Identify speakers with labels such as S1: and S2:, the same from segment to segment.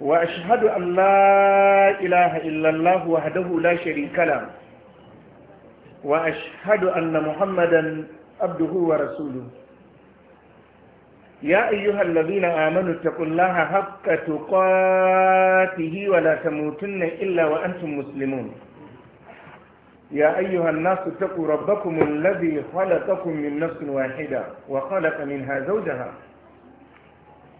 S1: wa ashhadu an Illallahu ilaha illallah wahdahu la sharika la wa ashhadu anna muhammadan abduhu wa rasuluhu ya ayyuhalladhina amanu taqullaha haqqa tuqatih wa la tamutunna illa wa antum muslimun ya ayyuhan nasu taqu rabbakumul ladhi khalaqakum min nafsin wahida wa khalaqa minha zawjaha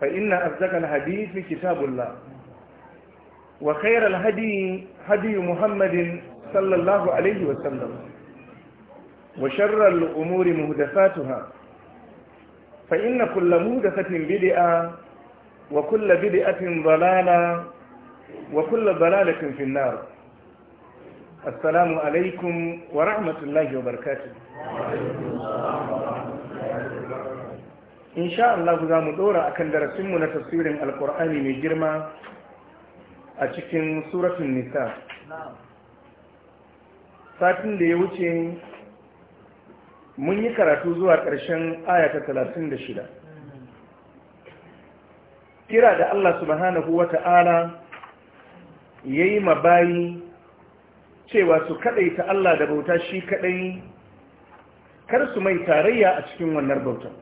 S1: فإن أصدق الحديث كتاب الله وخير الهدي هدي محمد صلى الله عليه وسلم وشر الأمور مهدفاتها فإن كل مهدفة بدئة وكل بدئة ضلالة وكل ضلالة في النار السلام عليكم ورحمة الله وبركاته In sha Allah za mu dora kan darasinmu na tafsirin alkur'ani mai girma a cikin suratun nisa satin da ya wuce mun yi karatu zuwa ƙarshen ayata talatin da shida kira da Allah subhanahu wa ta'ala ya yi mabayi cewa su kaɗai ta Allah da bauta shi kaɗai kar su mai tarayya a cikin wannan bautan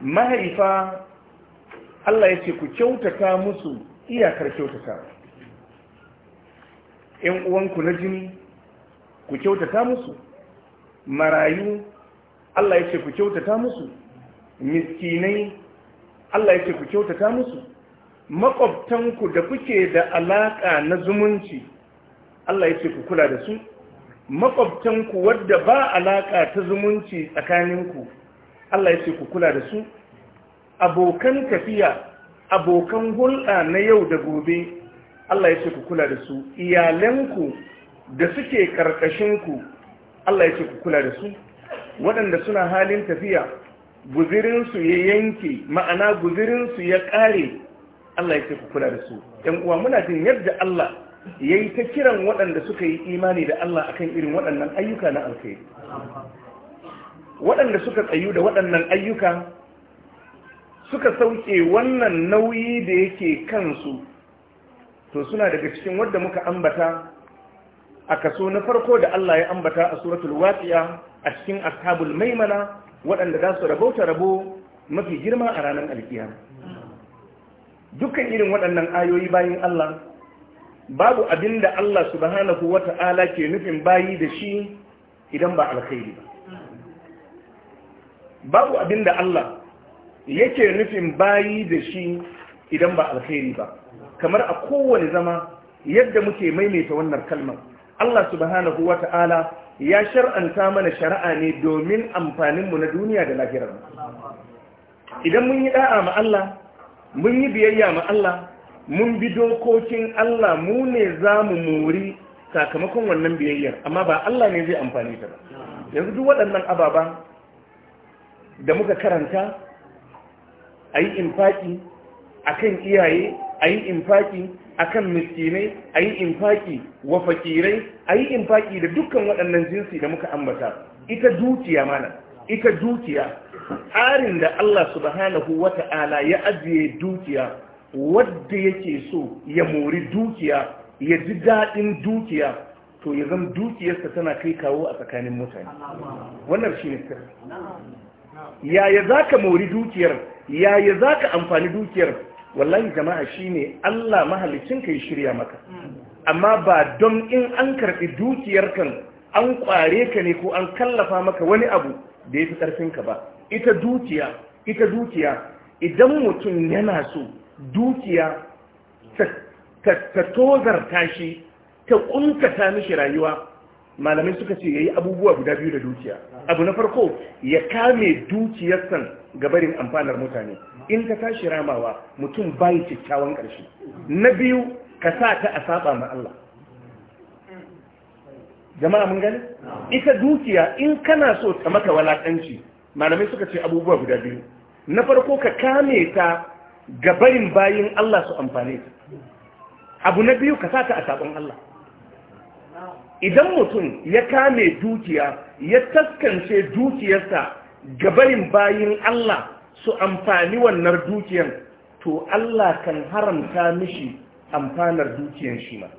S1: mahaifa Allah ya ce ku kyautata musu iyakar kyautata ‘yan uwanku na jini ku kyautata musu marayu Allah ya ce ku kyautata musu miskinai Allah ya ce ku kyautata musu makwabtanku da kuke da alaƙa na zumunci Allah ya ce ku kula da su makwabtanku wadda ba alaƙa ta zumunci tsakaninku Allah ya ce ku kula da su abokan tafiya abokan hulɗa na yau da gobe Allah ya ce ku kula da su iyalanku da suke ku Allah ya ce ku kula da su waɗanda suna halin tafiya guzirinsu ya yanke ma'ana guzirinsu ya ƙare Allah ya ce ku kula da su ‘yan uwa muna jin yadda Allah ya yi ta kiran waɗanda suka yi imani da Allah akan irin waɗannan ayyuka na alkhairi waɗanda suka tsayu da waɗannan ayyuka suka sauke wannan nauyi da yake kansu to suna daga cikin wadda muka ambata a kaso na farko da Allah ya ambata a suratul waqi'a a cikin ashabul maimana waɗanda za su rabauta rabo mafi girma a ranar alkiyama dukkan irin waɗannan ayoyi bayin Allah babu abinda Allah subhanahu wata'ala ke nufin bayi da shi idan ba alkhairi ba babu abin da Allah yake nufin bayi da shi idan ba alheri ba kamar a kowane zama yadda muke maimaita wannan kalmar Allah subhanahu wa ta'ala ya shar'anta mana shari'a ne domin amfaninmu na duniya da lahirar idan mun yi da'a ma Allah mun yi biyayya ma Allah mun bi dokokin Allah mu ne za mu muri sakamakon wannan biyayyar amma ba Allah ne zai amfani ta ba yanzu duk waɗannan ababa da muka karanta a yi infaki a kan iyaye a yi infaki a kan miskinai a yi infaki wa fakirai a yi infaki da dukkan waɗannan jinsi da muka ambata ita dukiya mana ita dukiya tsarin da Allah subhanahu wa ta'ala ya ajiye dukiya wadda yake so ya mori dukiya ya ji daɗin dukiya to ya zama dukiyarsa tana kai kawo a tsakanin mutane wannan shi ne sirri yaya za ka mori dukiyar yaya za ka amfani dukiyar wallahi jama'a shine Allah mahalicin ka ya shirya maka amma ba don in an karɓi dukiyar kan an kware ka ne ko an kallafa maka wani abu da ya fi ƙarfinka ba ita dukiya ita dukiya idan mutum yana so dukiya ta tozarta shi ta ƙunkata mishi rayuwa malamai suka ce ya yi abubuwa guda biyu da dukiya abu na farko ya kame dukiyar san gabarin amfanar mutane in ka tashi ramawa mutum bayi kyakkyawan ƙarshe na biyu ka sa ta a saba ma Allah jama'a mun gani ita dukiya in kana so ta maka walakanci malamai suka ce abubuwa guda biyu na farko ka kame ta gabarin bayin Allah su amfane ta abu na biyu ka sa ta a sabon Allah idan mutum ya kame dukiya ya taskance dukiyarsa gabarin bayin Allah su amfani wannan dukiyar to Allah kan haramta mishi amfanar dukiyar shi ma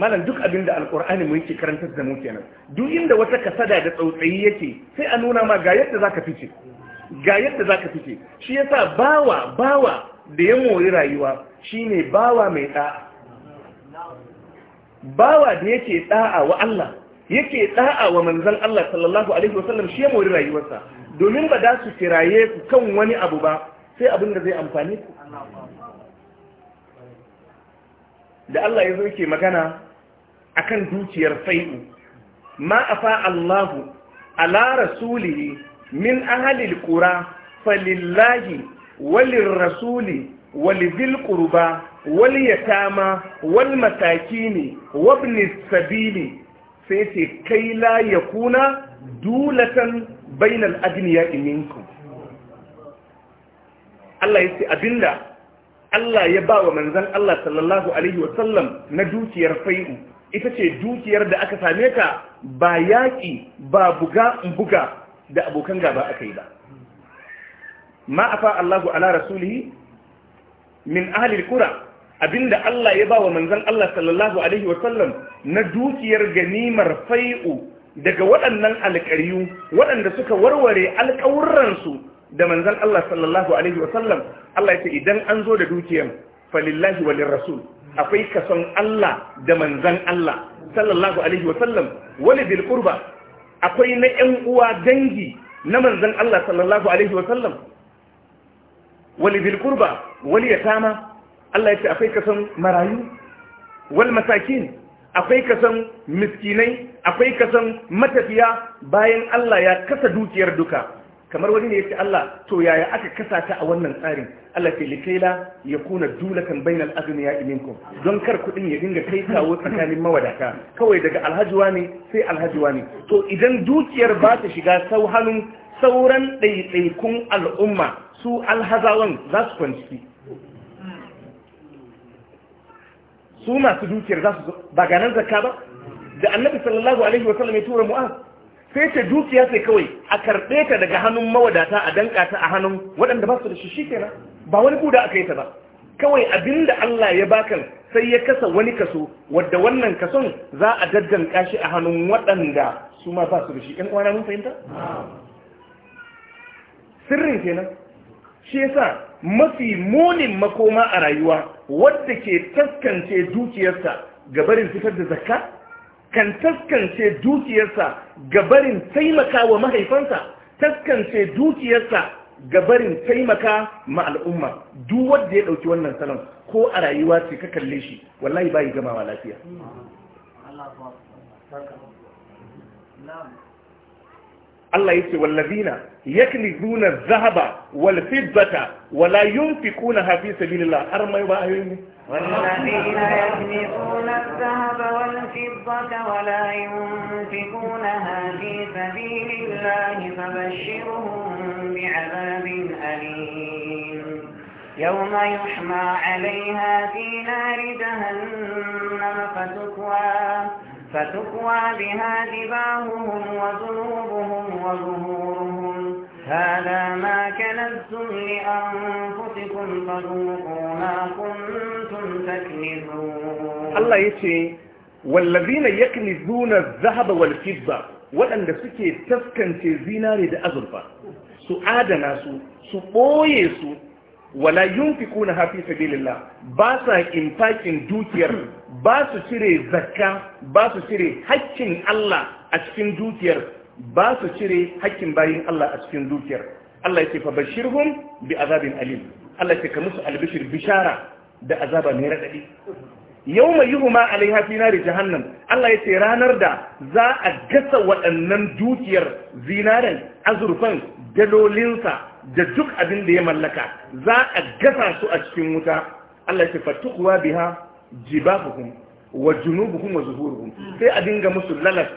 S1: malam duk abin da alkur'ani mu yake karantar da mu kenan duk inda wata kasada da tsautsayi yake sai a nuna ma ga yadda zaka fice ga yadda zaka fice shi yasa bawa bawa da ya mori rayuwa shine bawa mai da'a bawa da yake da'a wa Allah yake da'a wa manzon Allah sallallahu alaihi wasallam shi ya mori rayuwarsa domin ba da su kiraye ku kan wani abu ba sai abin da zai amfane ku da Allah ya zo yake magana akan dukiyar sai'u ma afa Allahu ala rasulihi min ahli alqura falillahi walir rasuli ولذي القربى واليتامى والمساكين وابن sai سيتي كي ya kuna dulatan بين الأغنياء iminku. Allah ya ce abinda Allah ya ba wa manzan Allah sallallahu Alaihi wasallam na dukiyar fai'u ita ce dukiyar da aka same ka ba yaƙi ba buga buga da abokan gaba aka yi ba. Ma afa Allahu ala rasulihi min ahlil kura abinda Allah ya ba wa manzon Allah sallallahu alaihi wa sallam na dukiyar ganimar fai'u daga waɗannan alƙaryu waɗanda suka warware alƙawurransu da manzan Allah sallallahu alaihi wa sallam Allah ya ce idan an zo da dukiyar falillahi walir rasul akwai kason Allah da manzan Allah sallallahu alaihi wa sallam wani bilkurba akwai na ƴan uwa dangi na manzan Allah sallallahu alaihi wa sallam wali bilkurba, wani wali yatama Allah ya ce akwai kasan marayu wal masakin akwai kasan miskinai akwai kasan matafiya bayan Allah ya kasa dukiyar duka kamar wani ne ya ce Allah to yaya aka kasa ta a wannan tsarin Allah ke likaila ya kuna dulakan bainal agniya minkum don kar kudin ya dinga kai kawo tsakanin mawadata kawai daga alhajiwa ne sai alhajiwa ne to idan dukiyar ba ta shiga sau sauran ɗaiɗaikun al'umma su alhazawan za su kwanci su masu dukiyar za su ba ganin zakka ba da annabi sallallahu alaihi wa sallam ya tura mu'az sai ta dukiya sai kawai a karbe ta daga hannun mawadata a danka ta a hannun waɗanda ba su da shi kenan ba wani guda aka yi ta ba kawai abinda Allah ya bakan sai ya kasa wani kaso wadda wannan kason za a daddanka shi a hannun waɗanda su ma ba su da shi Kan kwana mun fahimta sirrin kenan shi yasa mafi munin makoma a rayuwa wadda ke taskance dukiyarsa ga barin fitar da zakka kan taskance dukiyarsa ga barin taimaka wa mahaifansa taskance dukiyarsa ga barin taimaka ma al'umma duk wanda ya dauki wannan salon ko a rayuwa ce ka kalle shi wallahi bai gamawa lafiya Allah yake wallazina yaknizuna dhahaba wal fiddata wala في fi sabilillah har mai ba ayoyin ne والذين يكنزون الذهب
S2: والفضة ولا ينفقونها في سبيل الله فبشرهم بعذاب أليم يوم يحمى عليها في نار جهنم فتكوى فتقوى بها جباههم وجنوبهم وظهورهم هذا ما كنزتم لأنفسكم فذوقوا ما كنتم تكنزون الله
S1: يتي والذين يكنزون الذهب والفضة waɗanda suke taskance zinare da azurfa su adana su su ɓoye su wala yunfikuna hafi sabilillah ba sa dukiyar ba su cire zakka ba su cire haƙƙin Allah a cikin dukiyar ba su cire haƙƙin bayin Allah a cikin dukiyar Allah yake fa bashirhum bi azabin alim Allah yake ka musu albishir bishara da azaba mai radadi yawma yuhuma alaiha fi nari jahannam Allah ce ranar da za a gasa waɗannan dukiyar zinaren azurfan dalolinsa da duk abin da ya mallaka za a gasa su a cikin wuta Allah yake fatuwa biha jibahuhum wa junubuhum wa zuhuruhum sai a dinga musu lalas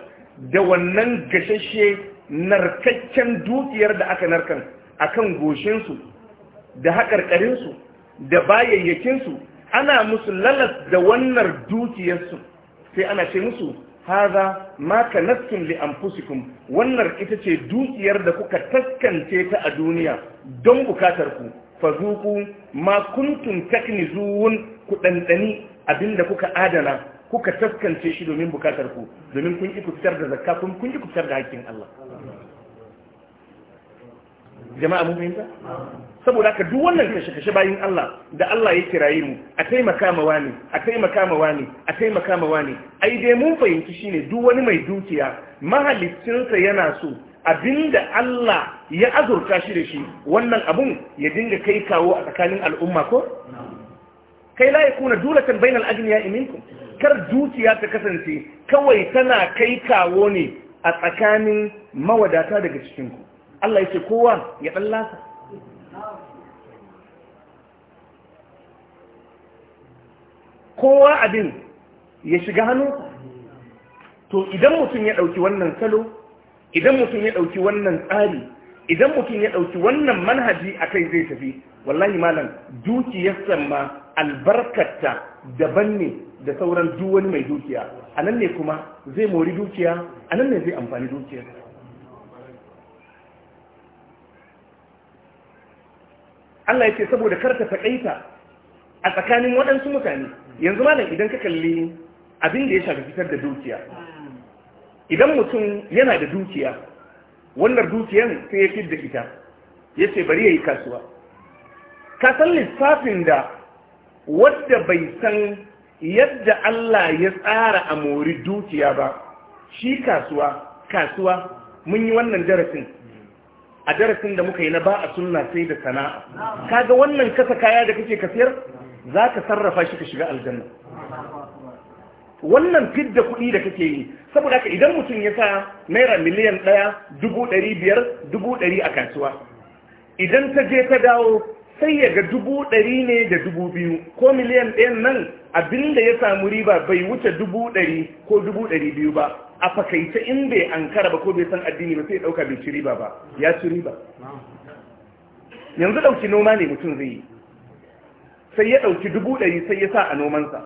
S1: da wannan gashashe narkaccen dukiyar da aka narkan akan goshinsu da haƙarƙarinsu da bayayyakinsu ana musu lalas da wannan dukiyarsu sai ana ce musu haza ma kanastum li anfusikum wannan ita ce dukiyar da kuka taskance ta a duniya don bukatar ku fazuku ma kuntum taknizun ku dandani abinda kuka adana kuka taskance shi domin bukatar ku domin kun iku fitar da zakka kun kun iku fitar da hakkin Allah jama'a mun fahimta saboda haka duk wannan kashe kashe bayin Allah da Allah ya kiraye mu a taimaka ma wani a taimaka ma wani a taimaka ma wani ai dai mun fahimci shine duk wani mai dukiya mahaliccinsa yana so abinda Allah ya azurta shi da shi wannan abun ya dinga kai kawo a tsakanin al'umma ko kai la dula dulatan bainal agniya minkum kar dukiya ta kasance kawai tana kai kawo ne a tsakanin mawadata daga cikinku Allah ya ce kowa ya dan lasa kowa abin ya shiga hannunsa to idan mutum ya ɗauki wannan salo idan mutum ya ɗauki wannan tsari idan mutum ya ɗauki wannan manhaji a kai zai tafi wallahi malam dukiyar ma albarkarta daban ne da sauran duk wani mai dukiya a nan ne kuma zai mori dukiya a nan ne zai amfani dukiya Allah ya ce saboda karta taƙaita a tsakanin waɗansu mutane yanzu malam idan ka kalli abin da ya shafi fitar da dukiya idan mutum yana da dukiya wannan dukiyan sai ya fi da ita ya ce bari ya yi kasuwa ka san lissafin da wadda bai san yadda Allah ya tsara a mori dukiya ba shi kasuwa kasuwa mun yi wannan darasin a darasin da muka yi na ba a sunna sai da sana'a kaga wannan kasa kaya da kake kasiyar za ka sarrafa shi ka shiga aljanna wannan fidda kuɗi da kake yi saboda haka idan mutum ya sa naira miliyan ɗaya dubu ɗari biyar dubu ɗari a kasuwa idan ta je ta dawo sai ya ga dubu ɗari ne da dubu biyu ko miliyan ɗayan nan abin da ya samu riba bai wuce dubu ɗari ko dubu ɗari biyu ba a fakaita in bai ankara ba ko bai san addini ba sai ya ɗauka bai ci riba ba ya ci riba yanzu ɗauki noma ne mutum zai yi sai ya ɗauki dubu ɗari sai ya sa a nomansa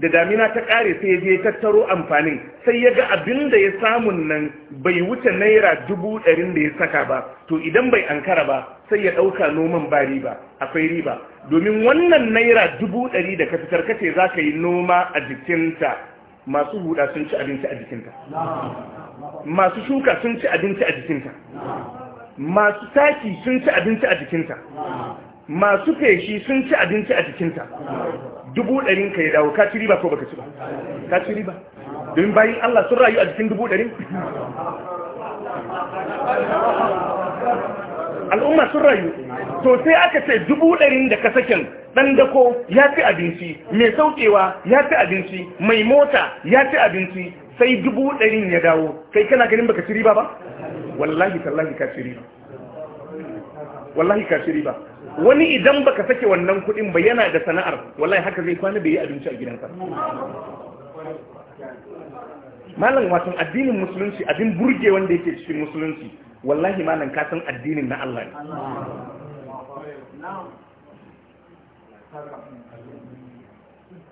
S1: da damina ta kare sai ya je tattaro amfanin sai ya ga abin da ya samun nan bai wuce naira dubu ɗarin da ya saka ba to idan bai ankara ba sai ya ɗauka noman ba riba akwai riba domin wannan naira dubu ɗari da ka fitar kace za ka yi noma a jikinta masu huda sun ci abinci a jikinta masu shuka sun ci abinci a jikinta masu taki sun ci abinci a jikinta masu feshi sun ci abinci a jikinta dubu ɗarin ka yi dawo ka ci riba ko baka ci ba ka ci riba domin bayan Allah sun rayu a jikin dubu ɗarin al'umma sun rayu to sai aka ce dubu ɗarin da ka sakin ɗan dako ya fi abinci mai saukewa ya fi abinci mai mota ya fi abinci sai dubu ɗarin ya dawo kai kana ganin baka ci riba ba wallahi tallahi ka ci riba
S3: wallahi ka shiri ba wani
S1: idan baka sake wannan kuɗin ba yana da sana'ar wallahi haka zai kwana bai yi abinci a gidansa malam wato addinin musulunci abin burge wanda yake cikin musulunci wallahi malam ka san addinin na Allah ne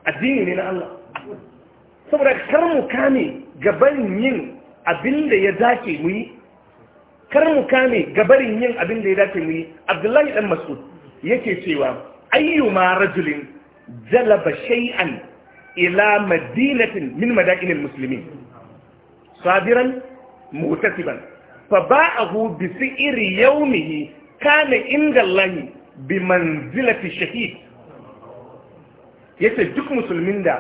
S1: addini ne na Allah saboda kar mu kame gaban yin abin da ya dace mu yi kar mu kame gabarin yin abin da ya dace mu yi abdullahi dan mas'ud yake cewa ayyuma rajulin jalaba shay'an ila madinatin min madainil muslimin sabiran mutasiban fa ba'ahu bi si'ri yawmihi kana inda Allah bi manzilati shahid yace duk musulmin da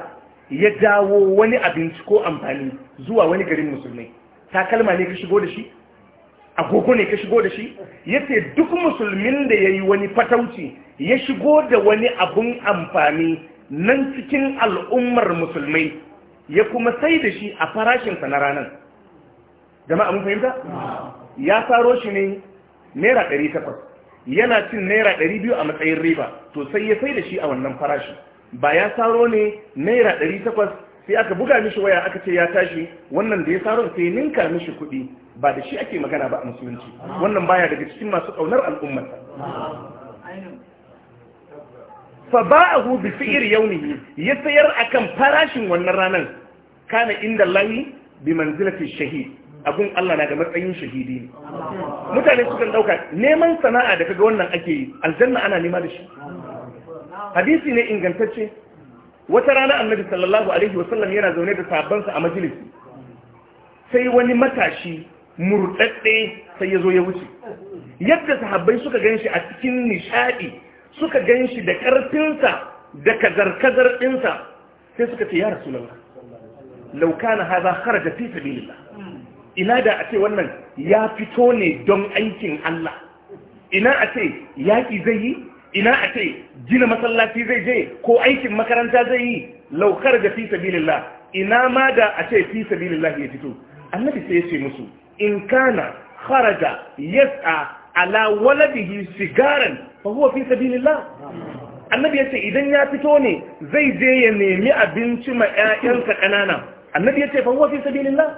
S1: ya dawo wani abinci ko amfani zuwa wani garin musulmai takalma ne ka shigo da shi agogo ne ka shigo da shi Ya yace duk musulmin da yayi wani fatauci ya shigo da wani abun amfani nan cikin al'ummar musulmai ya kuma sai da shi a farashinsa na ranar jama'a mun fahimta ya faro shi ne naira takwas, yana cin naira biyu a matsayin riba to sai ya sai da shi a wannan farashi ba ya saro ne naira takwas. sai aka buga mishi waya aka ce ya tashi wannan da ya saron sai ninka mishi kuɗi ba da shi ake magana ba a musulunci wannan baya daga cikin masu kaunar al'umma fa ba'ahu bi fi'ir yawmihi ya sayar akan farashin wannan ranar. kana inda lahi bi manzilati shahid abun Allah na ga matsayin shahidi ne mutane sukan dauka neman sana'a da kaga wannan ake yi aljanna ana nema da shi hadisi ne ingantacce wata rana annabi sallallahu alaihi wasallam yana zaune da sa a majalisi sai wani matashi murɗaɗɗe sai ya zo ya wuce yadda sahabbai suka gan shi a cikin nishaɗi suka gan shi da ƙarfinsa da kazar-kazar ɗinsa sai suka ce ya rasu lauka lauka na haza haraja fi sabilillah ina da a ce wannan ya fito ne don aikin Allah ina a ce yaƙi zai yi ina a ce gina masallaci zai je ko aikin makaranta zai yi laukar da fi sabilillah ina ma da a ce fi sabilillah ya fito annabi sai ya ce musu in kana kharaja yas'a ala waladihi sigaran fa huwa fi sabilillah annabi yace idan ya fito ne zai je ya nemi abinci ma ƴaƴansa kanana annabi yace fa huwa fi sabilillah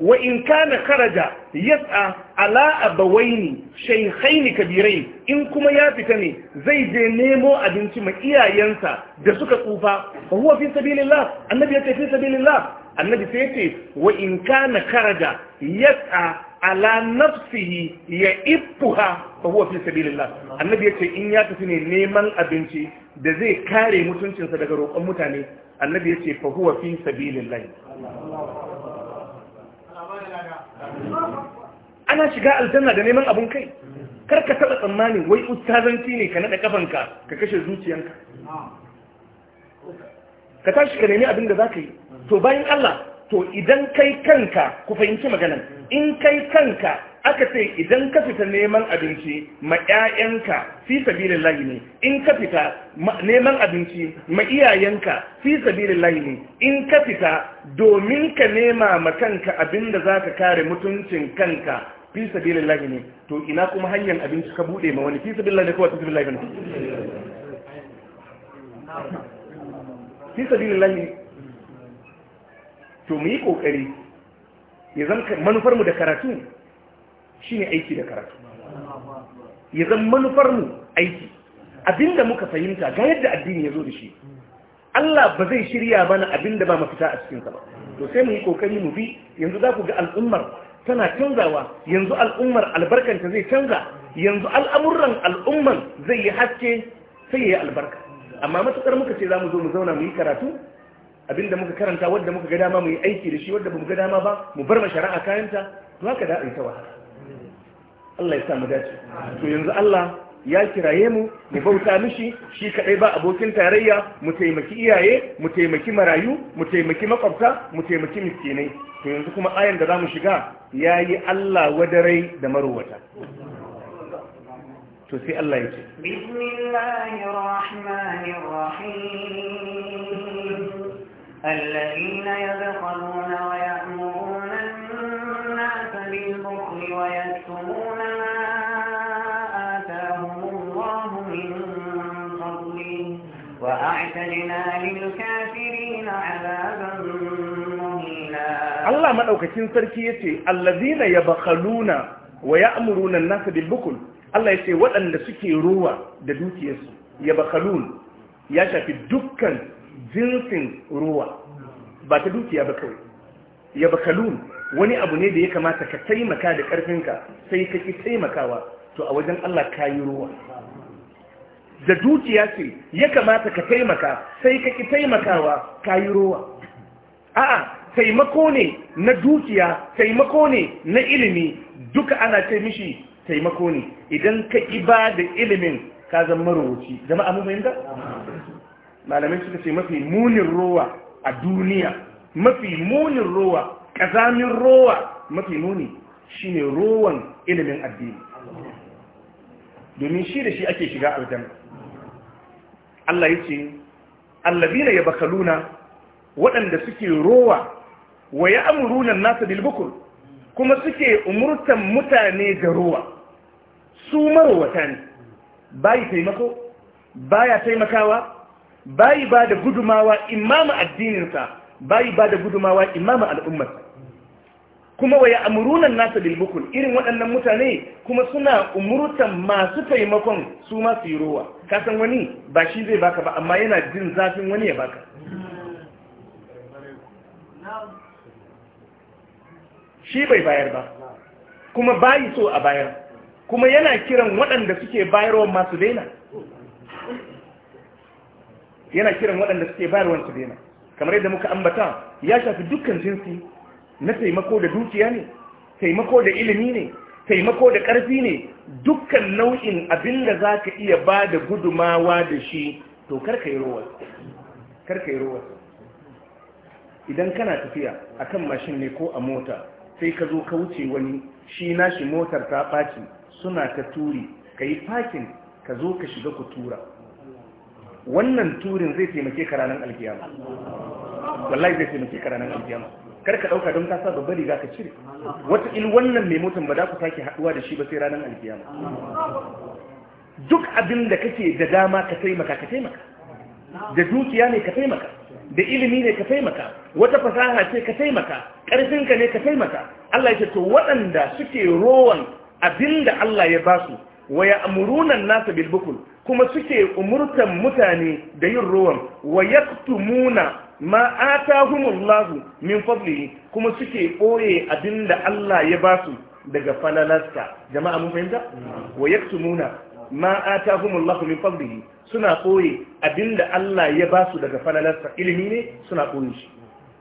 S1: wa in kana kharaja yas'a ala abawaini shaykhaini Kabirai? in kuma ya fita ne zai je nemo abinci ma iyayensa da suka tsufa fa huwa fi sabilillah annabi yace fi sabilillah annabi sai ce wa in kana karaja yas'a ala nafsihi ya ibuha fa huwa fi sabilillah annabi yace in ya tafi ne neman abinci da zai kare mutuncinsa daga roƙon mutane annabi yace fa huwa fi sabilillah ana shiga aljanna da neman abun kai kar ka taɓa tsammani wai ustazanci ne ka naɗa kafanka ka kashe zuciyanka ka tashi ka nemi abin da za ka yi to bayan Allah to idan kai kanka ku fahimci maganan in kai kanka aka ce idan ka fita neman abinci ma ƴaƴanka fi sabilillahi ne in ka fita neman abinci ma iyayenka fi sabilillahi ne in ka fita domin ka nema ma kanka abinda zaka kare mutuncin kanka fi sabilillahi ne to ina kuma hanyar abinci ka bude ma wani fi sabilillahi ne ko fi sabilillahi ne
S3: fi sabilillahi
S1: to mu yi ƙoƙari ya zama manufarmu da karatu shine aiki da karatu ya zama manufarmu aiki abinda muka fahimta ga yadda addini ya zo da shi Allah ba zai shirya bana abinda ba mafita a cikinsa ba to sai mu yi ƙoƙari mu bi yanzu za ku ga al'ummar tana canzawa yanzu al'ummar albarkanta zai canza yanzu al'amuran al'umman zai yi haske sai ya yi albarka amma matukar muka ce za mu zo mu zauna mu yi karatu abinda muka karanta wadda muka ga dama mu yi aiki da shi wadda ba mu ga dama ba mu bar ma shari'a kayanta to haka da ta wa Allah ya sa mu dace to yanzu Allah ya kiraye mu mu bauta mishi shi kadai ba abokin tarayya mu taimaki iyaye mu taimaki marayu mu taimaki makwabta mu taimaki miskinai to yanzu kuma ayan da zamu shiga yayi Allah wadarai da marowata to sai Allah ya ce
S2: bismillahir rahmanir rahim الذين يبخلون ويأمرون الناس بالبخل ويكتمون ما آتاهم الله من فضله وأعتدنا للكافرين عذابا مهينا
S1: الله ما أوكتين تركيتي الذين يبخلون ويأمرون الناس بالبخل Allah ya ce waɗanda suke ruwa da dukiyarsu ya bakalun ya shafi dukkan jinsin ruwa ba ta dukiya ba kawai ya bakalun wani abu ne da ya kamata ka taimaka da ƙarfinka sai ka ki taimakawa to a wajen Allah ka yi ruwa da dukiya ce ya kamata ka taimaka sai ka ki taimakawa ka yi ruwa a'a taimako ne na dukiya taimako ne na ilimi duka ana ce mishi taimako ne idan ka ba da ilimin ka zama marubuci jama'a mun fahimta malamai suka ce mafi munin rowa a duniya mafi munin rowa ƙazamin rowa mafi muni shine rowan ilimin addini domin shi da shi ake shiga aljanna Allah ya ce ya bakaluna waɗanda suke rowa wa ya amuruna nasa bilbukul kuma suke umurtan mutane ga rowa su marowata ne bayi taimako baya taimakawa bayi ba da gudumawa imama addininsa bayi ba da gudumawa imama al'ummarsa kuma waya amurunan nasa bilbukul irin waɗannan mutane kuma suna umurtan masu taimakon su masu yi rowa kasan wani ba shi zai baka ba amma yana jin zafin wani ya baka shi bai bayar ba kuma bayi so a bayar kuma yana kiran waɗanda suke bayarwa masu daina yana kiran waɗanda suke bayarwar su daina kamar yadda muka ambata ya shafi dukkan jinsi na taimako da dukiya ne taimako da ilimi ne taimako da ƙarfi ne dukkan nau'in abin da za ka iya ba da gudumawa da shi to karka yi rowar karka yi rowar idan kana tafiya a kan mashin ne ko a mota sai ka zo ka wuce wani shi nashi motar ta ɓaci suna ta turi ka yi fakin ka zo ka shiga ku tura wannan turin zai taimake ka ranar alkiyama wallahi zai taimake ka ranar alkiyama kar ka dauka don ka sa babbar riga ka cire wata il wannan mai motan ba za ku sake haduwa da shi ba sai ranar alkiyama duk abin da kake da dama ka taimaka ka taimaka da dukiya ne ka taimaka da ilimi ne ka taimaka wata fasaha ce ka taimaka ƙarfinka ne ka taimaka Allah ya ce to waɗanda suke rowan abin da Allah ya ba su wa ya amurunan nasa bilbukul kuma suke umurtan mutane da yin ruwan wa yaktumuna ma atahumullahu min fadlihi kuma suke boye abinda Allah ya ba su daga falalarsa jama'a mun fahimta wa yaktumuna ma atahumullahu min fadlihi suna boye abinda Allah ya ba su daga falalarsa ilimi ne suna boye shi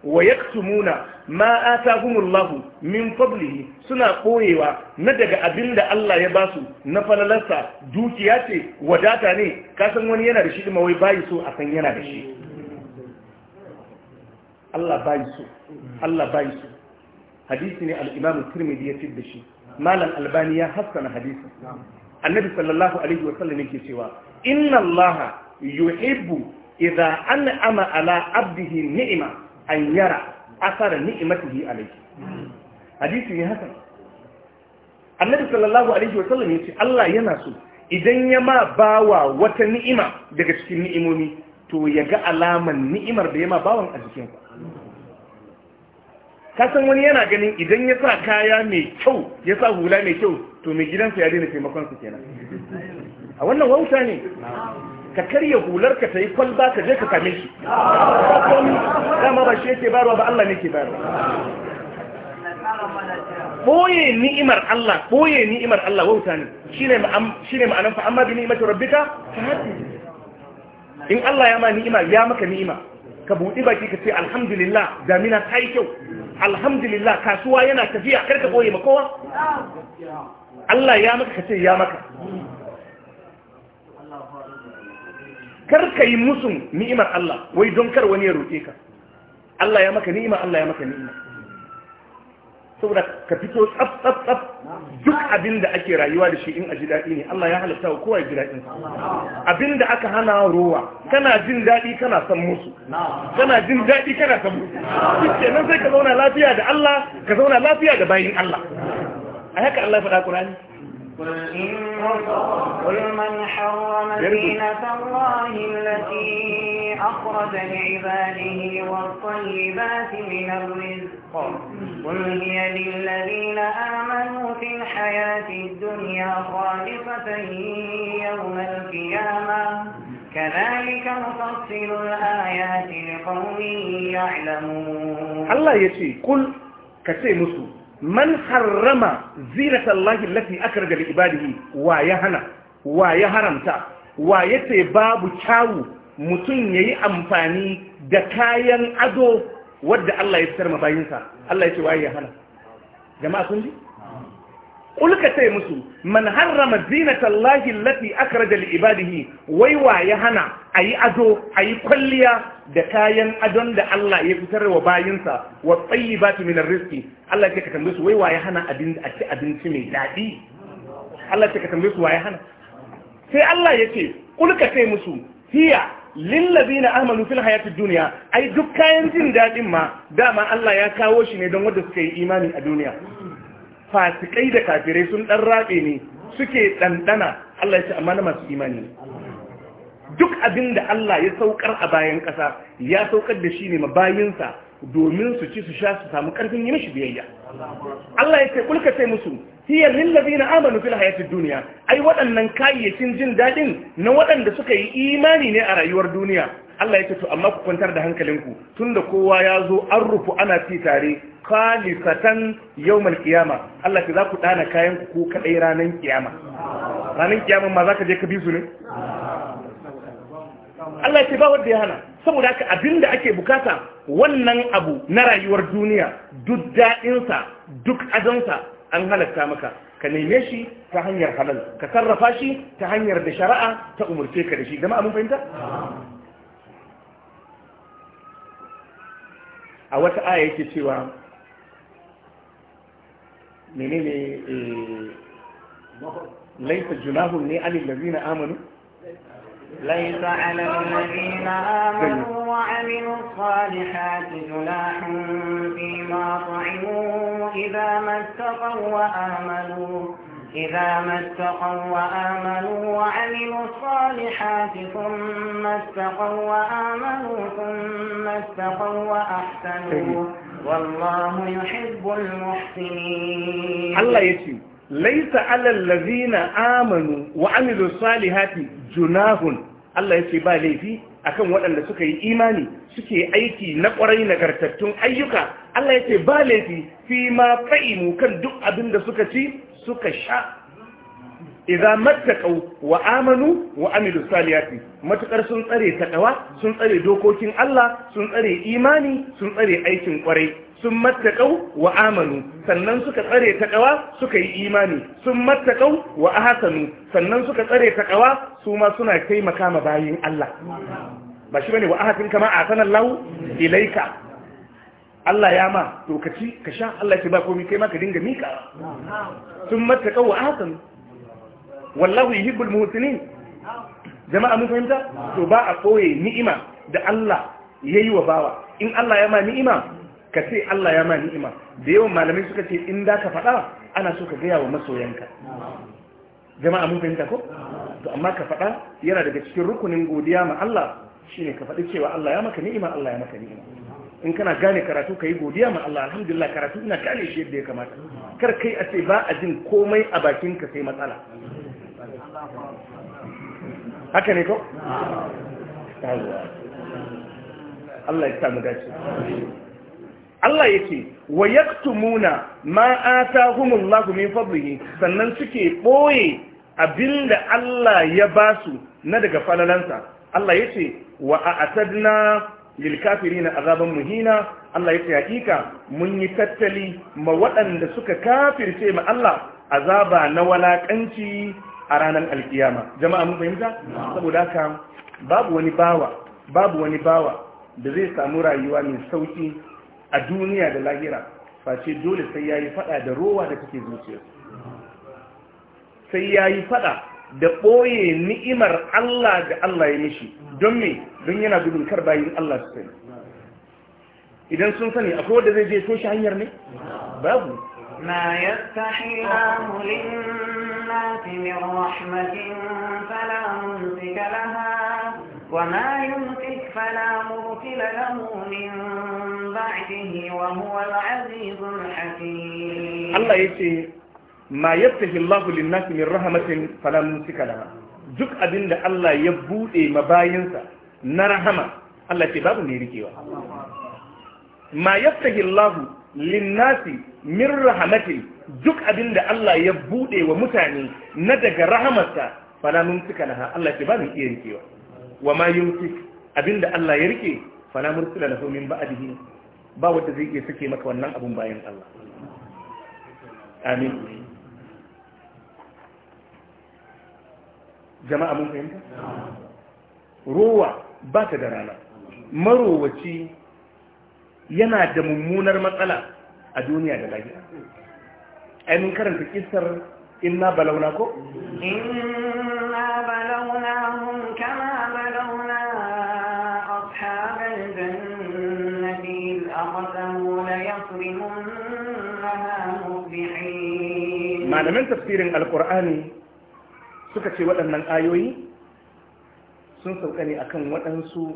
S1: wa yaktumuna ma atahumullahu min fadlihi suna koyewa na daga abinda Allah ya basu na falalarsa dukiya ce wadata ne Ka san wani yana da shi kuma wai bayi so a san yana da shi Allah bai so Allah bai so hadisi ne al-Imam Tirmidhi ya da shi malam Albani ya hassana hadisi annabi sallallahu alaihi wa sallam yake cewa inna Allah yuhibbu idza an'ama ala abdihi ni'ma an yara asara ni'imatihi alayhi hadisi ne haka annabi sallallahu alaihi wa sallam yace Allah yana so idan ya ma bawa wata ni'ima daga cikin ni'imomi to ya ga alaman ni'imar da ya ma bawan a jikin ka san wani yana ganin idan ya sa kaya mai kyau ya sa hula mai kyau to mai gidansa ya daina taimakon su kenan a wannan wauta ne ka karya hular ka tayi kwalba ka je ka kame shi dama ba shi yake bayarwa ba Allah ne ke bayarwa boye ni'imar Allah boye ni'imar Allah wa mutane shine shine ma'anar fa amma bi ni'imati rabbika in Allah ya ma ni'ima ya maka ni'ima ka buɗi baki ka ce alhamdulillah damina ta yi kyau alhamdulillah kasuwa yana tafiya karka boye ma kowa
S3: Allah ya maka ka ce ya
S1: maka kar ka yi musu ni'imar Allah wai don kar wani ya roƙe ka Allah ya maka ni'ima Allah ya maka ni'ima saboda ka fito tsaf tsaf tsaf duk abin da ake rayuwa da shi in a ji daɗi ne Allah ya halatta wa kowa ya ji daɗin abin da aka hana rowa kana jin daɗi kana san musu kana jin daɗi kana san musu duk kenan sai ka zauna lafiya da Allah ka zauna lafiya da bayin Allah a haka Allah ya faɗa Qur'ani قل
S2: من حرم زينة الله التي أخرج لعباده والطيبات من الرزق قل هي للذين آمنوا في الحياة الدنيا خالصة يوم القيامة كذلك نفصل الآيات لقوم يعلمون
S1: الله يسير قل كسي مسلم man harrama zinatallahi allati akraja li ibadihi wa ya hana wa ya haramta wa yace babu kyawu mutum yayi amfani da kayan ado wadda Allah ya ma bayinsa Allah ya ce wa ya hana jama'a sun ji Ƙulka sai musu man harrama zinatallahi allati akhraja li ibadihi wai wa ya hana ayi ado ayi kwalliya da kayan adon da Allah ya fitar wa bayinsa wa ta min riski. Allah ya ka tambaye su wai wa ya hana a ci abinci mai daɗi. Allah ya ka tambaye su wa ya hana sai Allah ya ce ƙulka sai musu hiya na amanu fil hayatid duniya. ai duk kayan jin daɗin ma dama Allah ya kawo shi ne don wanda suka yi imani a duniya fasikai da kafirai sun ɗan rabe ne suke dandana. Allah ya ce amma na masu imani duk abin da Allah ya saukar a bayan kasa, ya saukar da shi ne mabayinsa domin su ci su sha su samu karfin yi mishi biyayya Allah ya ce kulka sai musu hiya na amanu fil hayatid dunya ai waɗannan kayayyakin jin dadin na waɗanda suka yi imani ne a rayuwar duniya Allah ya ce to amma ku kwantar da hankalinku tunda kowa ya zo an rufu ana fi tare khalifatan yawmal qiyama Allah ce za ku dana kayan ku kadai ranan kiyama ranan kiyama ma za ka je ka bi su ne Allah ya ce ba wanda ya hana saboda haka abinda ake bukata wannan abu na rayuwar duniya duk daɗinsa duk adansa an halatta maka ka neme shi ta hanyar halal ka sarrafa shi ta hanyar da shari'a ta umurce ka da shi dama mun fahimta a wata aya yake cewa mene eh, ne laifin junahu ne alilazi na amini
S2: laifa alilazi na amini wa aminu salihati julahun fi ma fa'imu idan mastakon wa amalu إذا ما اتقوا وآمنوا وعملوا الصالحات ثم اتقوا وآمنوا ثم اتقوا وأحسنوا
S1: والله يحب
S2: المحسنين الله
S1: يسير ليس على الذين آمنوا وعملوا الصالحات جناه الله يسير بالي فيه akan waɗanda suka yi imani suke aiki na ƙwarai nagartattun ayyuka Allah ya ce ba laifi fi ma fa'imu kan duk abin da suka ci suka sha idza mattaqu wa amanu wa amilu salihati matukar sun tsare takawa sun tsare dokokin Allah sun tsare imani sun tsare aikin kwarai sun mattaqu wa amanu sannan suka tsare takawa suka yi imani sun mattaqu wa ahsanu sannan suka tsare takawa su ma suna taimaka ma bayin Allah ba shi bane wa ahsan kama ahsana Allah ilaika Allah ya ma to ka ka sha Allah ya ba komai kai ma ka dinga mika ثم اتقوا Wallahu yi hibbul المحسنين jama'a mun fahimta to ba a koye ni'ima da Allah yayi wa bawa in Allah ya ma ni'ima ka ce Allah ya ma ni'ima da yawan malamai suka ce in da ka faɗa ana so ka gaya wa masoyanka jama'a mun fahimta ko to amma ka faɗa yana daga cikin rukunin godiya ma Allah shine ka faɗi cewa Allah ya maka ni'ima Allah ya maka ni'ima in kana gane karatu ka yi godiya ma Allah alhamdulillah karatu ina gane shi yadda ya kamata kar kai a ce ba a jin komai a bakin ka sai matsala haka ne ko? Allah ya samu dace Allah ya ce wa yaktumuna ma atahumullahu min fadlihi sannan suke boye abinda Allah ya basu na daga falalansa Allah ya ce wa a'tadna na azaban muhina Allah ce hakika mun yi tattali ma waɗanda suka kafirce ma Allah azaba na walakanci a ranar alkiyama jama'a mun fahimta saboda haka babu wani bawa babu wani bawa da zai samu rayuwa mai sauki a duniya da lahira face dole sai yayi fada da rowa da kake zuciya sai yayi fada da ɓoye ni'imar Allah da Allah ya mishi don me don yana gudun kar bayin Allah su sai idan sun sani akwai wanda zai je so shi hanyar ne babu ma yastahi Allahu
S2: lin-nasi min rahmatin fala mumsik laha wa ma yumsik fala mursil lahu min ba'dihi wa huwa al-'azizul hakim Allah
S1: yace ma yaftahi Allah lin-nasi min rahmatin fala mumsika laha duk abin da Allah ya bude mabayinsa na rahama Allah ce babu ne rikewa ma yaftahi Allah lin-nasi min rahmatin duk abin da Allah ya bude wa mutane na daga rahamarsa fala mumsika laha Allah ce babu iya rikewa wa ma yumsik abin da Allah ya rike fala mursila lahu min ba'dihi ba wanda zai iya sake maka wannan abun bayan Allah amin jama'a mun fahimta rowa ba ta da rana marowaci yana da mummunar matsala a duniya da lafiya ai mun karanta kisar inna balauna ko
S2: inna balauna hum kama balauna a ashabal jannati al-aqsamu la yasrimunha mudbihin malamin
S1: tafsirin Alkur'ani. suka ce waɗannan ayoyi sun sauka ne akan waɗansu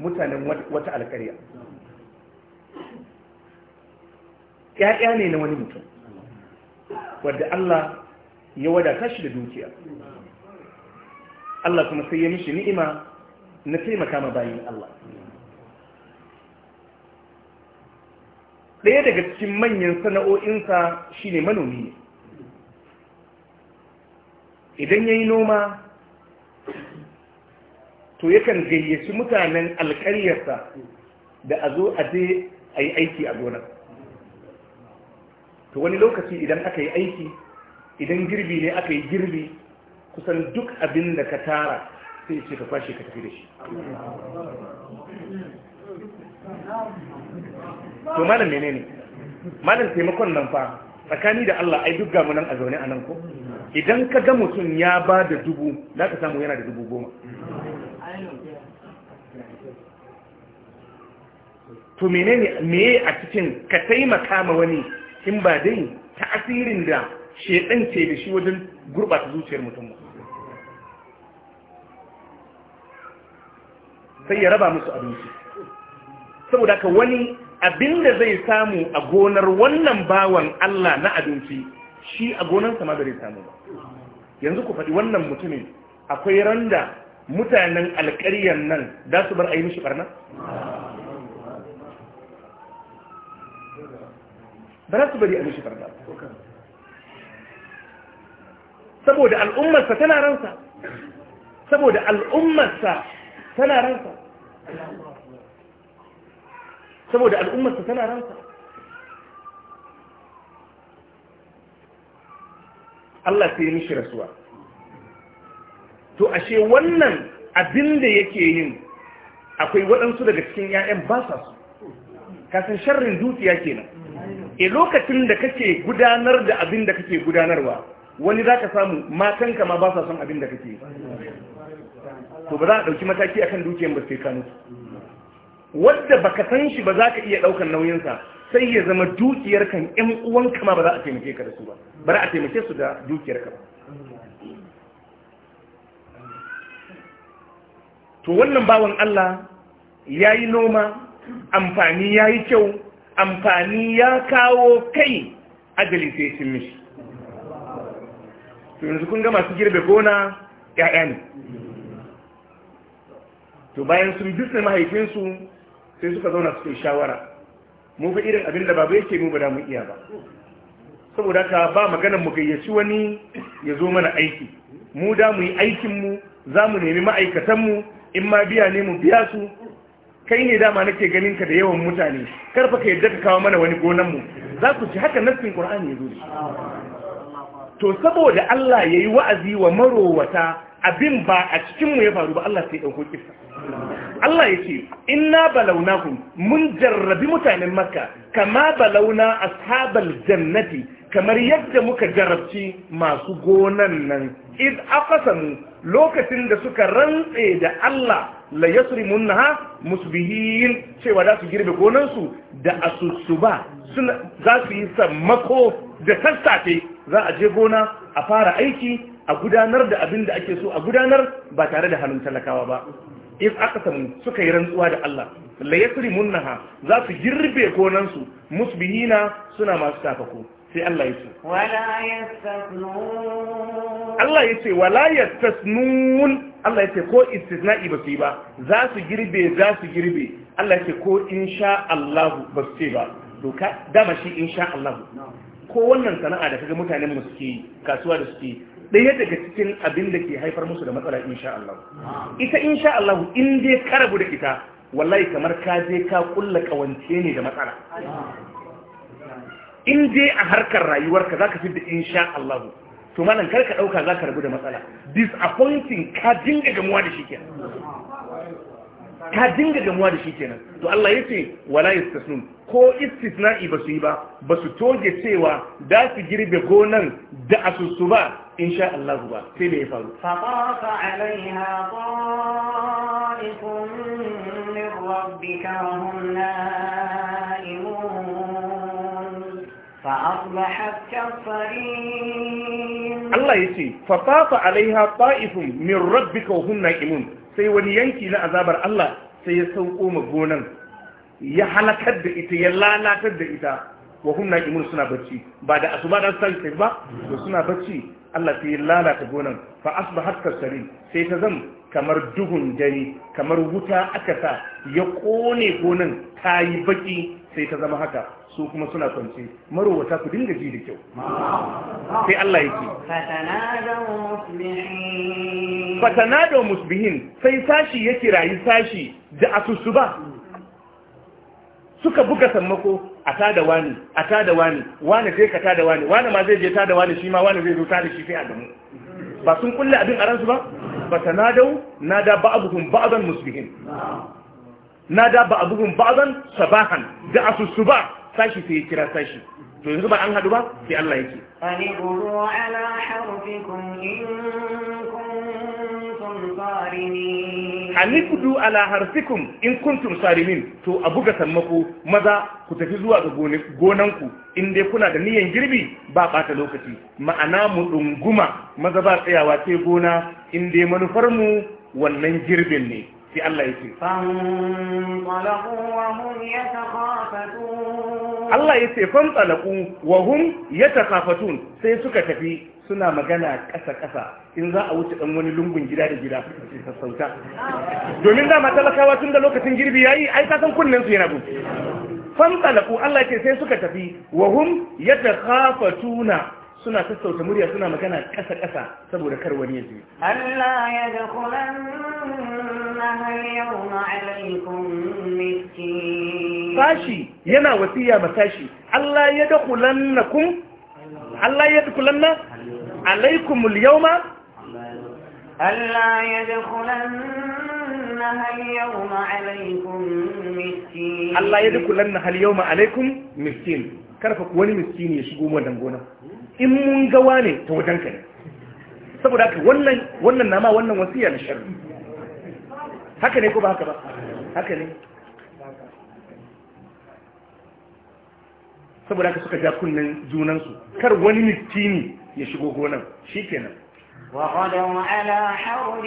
S1: mutanen wata alƙarya. ƙya'ya ne na wani mutum wadda Allah ya wadata shi da dukiya Allah kuma sai ya mishi ni'ima na taimaka ma bayin Allah ɗaya daga cikin manyan sana'o'insa shi ne manomi ne idan ya yi noma to yakan gayyaci mutanen alkaryarsa da a zo a je a yi aiki a gonar to wani lokaci idan aka yi aiki idan girbi ne aka yi girbi kusan duk abin da ka tara sai ce ka kwashe ka tafi da shi to malam menene malam taimakon nan fa tsakani da Allah ai duk gamunan nan a zaune a nan ko idan ka ga mutum ya ba da dubu za ka samu yana da dubu goma to menene meye a cikin ka taimaka ma wani in ba dai ta'asirin da shedan ce da shi wajen gurbata zuciyar mutum sai ya raba musu abinci saboda ka wani abin da zai samu a gonar wannan bawan Allah na abinci shi a gonansa ma bai samu ba yanzu ku faɗi wannan mutumin akwai randa mutanen alƙaryar nan da su bar a yi mishi ba su bari a mishi ɓarna saboda al'ummarsa tana ransa saboda al'ummarsa tana ransa saboda al'ummarsa tana ransa Allah sai mishi rasuwa to ashe wannan abin da yake yin akwai waɗansu daga cikin 'ya'yan ba sa su kasan sharrin dukiya kenan e lokacin da kake gudanar da abin da kake gudanarwa wani za ka samu matanka ma ba sa son abin da kake to ba za a ɗauki mataki akan dukiyan ba sai kanu wadda baka san shi ba za ka iya ɗaukan nauyinsa sai ya zama dukiyar kan ƴan uwanka ma ba za a taimake ka da su ba ba za a taimake su da dukiyar ka ba to wannan bawan Allah ya yi noma amfani ya yi kyau amfani ya kawo kai ajali sai mishi to yanzu kun ga masu girbe gona ya'ya ne to bayan sun bisne mahaifinsu sai suka zauna suka yi shawara mu fi irin abin da bai ce mu ba da mu iya ba saboda ka ba maganar mu gayyaci wani ya zo mana aiki mu da mu yi aikin mu za mu nemi ma'aikatan mu in ma biya ne mu biya su kai ne dama nake ganin ka da yawan mutane karfa ka yadda ka kawo mana wani gonan mu za ku ci haka nassin qur'ani ya zo to saboda Allah yayi wa'azi wa marowata abin ba a cikinmu ya faru ba Allah sai ɗauko kisa Allah ya ce inna balaunahum mun jarrabi mutanen makka kama balauna ashabal jannati kamar yadda muka jarabci masu gonan nan id aqsamu lokacin da suka rantse da Allah la yasrimunha musbihin cewa za su girbe gonansu da asusuba za su yi sammako da sassafe za a je gona a fara aiki a gudanar da abin da ake so a gudanar ba tare da hannun talakawa ba if aka samu suka yi rantsuwa da Allah la yasri munnaha za su girbe gonansu musbihina suna masu tafako sai Allah ya ce
S2: wala yastasnun Allah ya
S1: ce wala yastasnun Allah ya ce ko istisna'i ba su yi ba za su girbe za su girbe Allah ya ce ko insha Allah ba su ce ba doka dama shi insha Allah ko wannan sana'a da kaga mutanen mu suke kasuwa da suke ɗaya daga cikin abin da ke haifar musu da matsala insha Allah ita insha Allah in dai ka rabu da ita wallahi kamar ka je ka kulla kawance ne da matsala in dai a harkar rayuwarka zaka fi da insha Allah to malam kar ka dauka zaka rabu da matsala disappointing ka dinga gamuwa da shi kenan ka dinga gamuwa da shi kenan to Allah ya ce wala yastasnun ko istisna'i ba su yi ba ba su toge cewa da su girbe gonan da asusu ba in sha Allah ba sai da ya faru
S2: faqafa alaiha ta'ifun min rabbika wa hum na'imun fa asbahat kasfarin Allah
S1: yace faqafa alaiha ta'ifun min rabbika wa hum na'imun sai wani yanki na azabar Allah sai ya sauko ma gonan ya halakar da ita ya lalatar da ita wa hunna na'imun suna bacci ba da asuba da sai ba suna bacci Allah sai ya lalata gonan fa asbahat kasarin sai ta zam kamar duhun dare kamar wuta aka sa ya kone gonan ta yi baki sai ta zama haka su kuma suna kwance marowata ku dinga ji da kyau sai Allah yake fatanado musbihin sai sashi ya kirayi sashi da asusuba suka buga sammako a tada wani a tada wani wani sai ka tada wani wani ma zai je tada wani shi ma wani zai zo tada shi sai a damu ba sun kulle abin a ransu ba ba ta nadau nada ba'abuhum ba'azan musbihin nada ba'abuhum ba'azan sabahan da ba sashi sai kira sashi to yanzu ba an hadu ba sai Allah yake
S2: ani ala harfikum in kuntum
S1: kuntum ala harfikum in kuntum sarimin to a buga sammako maza ku tafi zuwa ga gonanku in dai kuna da niyan girbi ba bata lokaci ma'ana mu ɗunguma maza ba tsayawa sai gona in dai manufar mu wannan girbin ne sai Allah ya ce Allah ya ce fan tsalaku wa hum ya takafatun sai suka tafi suna magana ƙasa-ƙasa in za a wuce ɗan wani lungun gida da gida su sassauta domin dama talakawa tun da lokacin girbi ya yi ai kasan kunnen su yana bu fantsalaku Allah ce sai suka tafi wahum yadda tuna suna sassauta murya suna magana ƙasa-ƙasa saboda kar wani ya Sashi yana wasiya ma sashi Allah ya da Allah ya da kulanna عليكم اليوم
S2: ألا يدخلنها اليوم عليكم مسكين ألا
S1: يدخلنها اليوم عليكم مسكين karfa wani مسكين ya shigo wannan gona in mun gawa ne ta wajen ka ne saboda haka wannan wannan nama wannan نيكو saboda haka suka ja kunnen junansu kar wani miskini ya shigo gonan shikenan
S2: وغدوا على حرد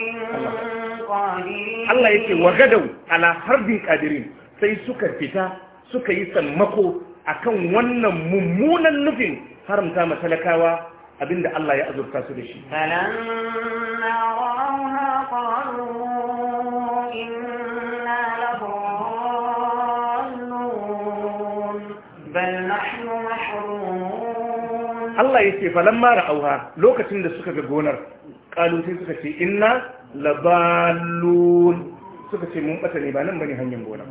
S2: قادرين الله wa وغدوا
S1: على حرد قادرين sai suka fita suka yi sammako akan wannan mummunan nufin haramta matalakawa abinda Allah ya azurta su da shi.
S2: Falamma ra'awha qalu Allah ya ce falan
S1: mara auha lokacin da suka ga gonar kalu sai suka ce inna labalun suka ce mun bata ne ba nan bane hanyar gona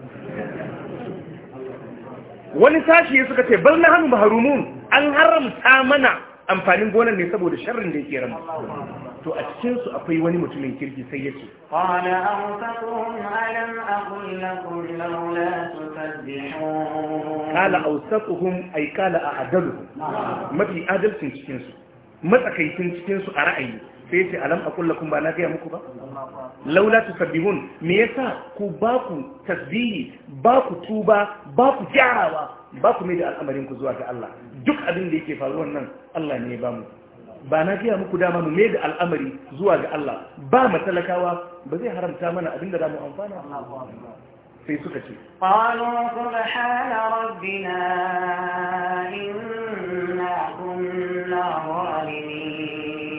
S1: wani ya suka ce bal na hannu harumun an haramta mana amfanin gonar ne saboda sharrin da yake ramu to a cikin su akwai wani mutumin kirki sai yace
S2: qala awsatuhum alam aqul lakum laula tusabbihun qala
S1: awsatuhum ay qala adalu, mafi adalcin cikin su matsakaicin cikin su a ra'ayi sai yace alam aqul lakum ba na ga muku ba laula tusabbihun me yasa ku ba ku tasbihi ba ku tuba ba ku gyarawa ba ku mai da al'amarin ku zuwa ga Allah duk abin da yake faruwa nan Allah ne ya bamu ba na fiya muku dama mu da al'amari zuwa ga Allah ba matsalakawa ba zai haramta mana abin da za mu amfana sai suka ce